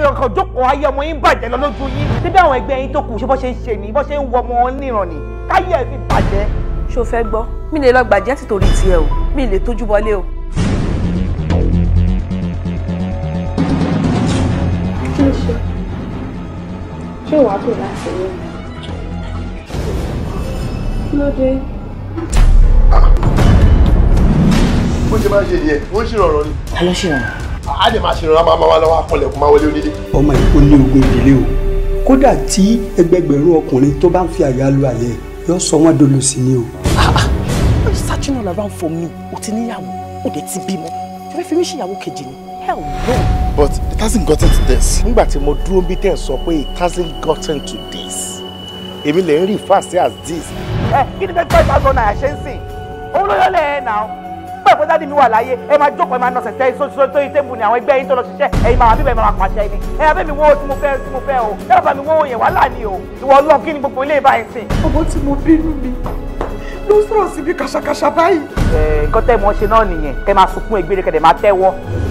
ẹ̀yọ̀ kan jókòó ayé ọmọ yín bàjẹ́ lọ lójú yín síbi àwọn ẹgbẹ́ yín tó kù ṣe bó ṣe ń ṣe ní bó ṣe ń wọ ọmọ wọn níran ni káyé ẹ̀ fi bàjẹ́. ṣó fẹ́ gbọ́ mi lè lọ gbàjẹ́ tìtorí tiẹ̀ o mi lè tójú bọlé o. kí ló ṣe ṣé wàá tó láti rí mi bó ṣe máa ń ṣe nìyẹn ó ń ṣèrànràn ni. ta ló á lè máa ṣe ìrànlọ́wọ́ máa wá lọ́wọ́ àpọ̀lẹ̀kùn máa wọlé onílé. ọmọ yìí kò ní ogún ìdílé o kódà tí ẹgbẹgbẹ̀rún ọkùnrin tó bá ń fi àyà lu àyẹ yóò sọ wọn dolo sí ni o. I'm ah, ah. searching all around for me o ti níyàwó o dẹ̀ ti bímọ o fẹ́ fi mí ṣèyàwó kejì ni hell no. but it hasn't gotten to this. nígbà tí mo dúró bí tẹ̀ sọ pé it hasn't gotten to this èmi lè ń rí fast as this. ẹ kí ni bẹ́ẹ̀ tọ́ ìbáṣọ náà ṣe ń sìn òun ló yọ lẹ́ẹ̀ náà pé dádì mi wà láyé ẹ máa jókòó ẹ máa nọ sẹ̀sẹ̀ sórí tébù ni àwọn ẹgbẹ́ yín tó lọ ṣiṣẹ́ ẹ̀yin máa bíbẹ̀ máa pàṣẹ ni ẹ abẹ́ mi wọ́n tí mo fẹ́ tí mo fẹ́ o ẹ bàbá mi wọ́n yẹn wàhálà ni o ìwọ lọ kí ni gbogbo ilé ìbá sìn. ọmọ tí mo bínú mi ló sọ̀rọ̀ síbi kàṣàkàṣà báyìí. ẹ tẹ́ mọ́ ṣe náà nìyẹn kẹ́ máa sunkún egbére kẹ́ máa tẹ́wọ́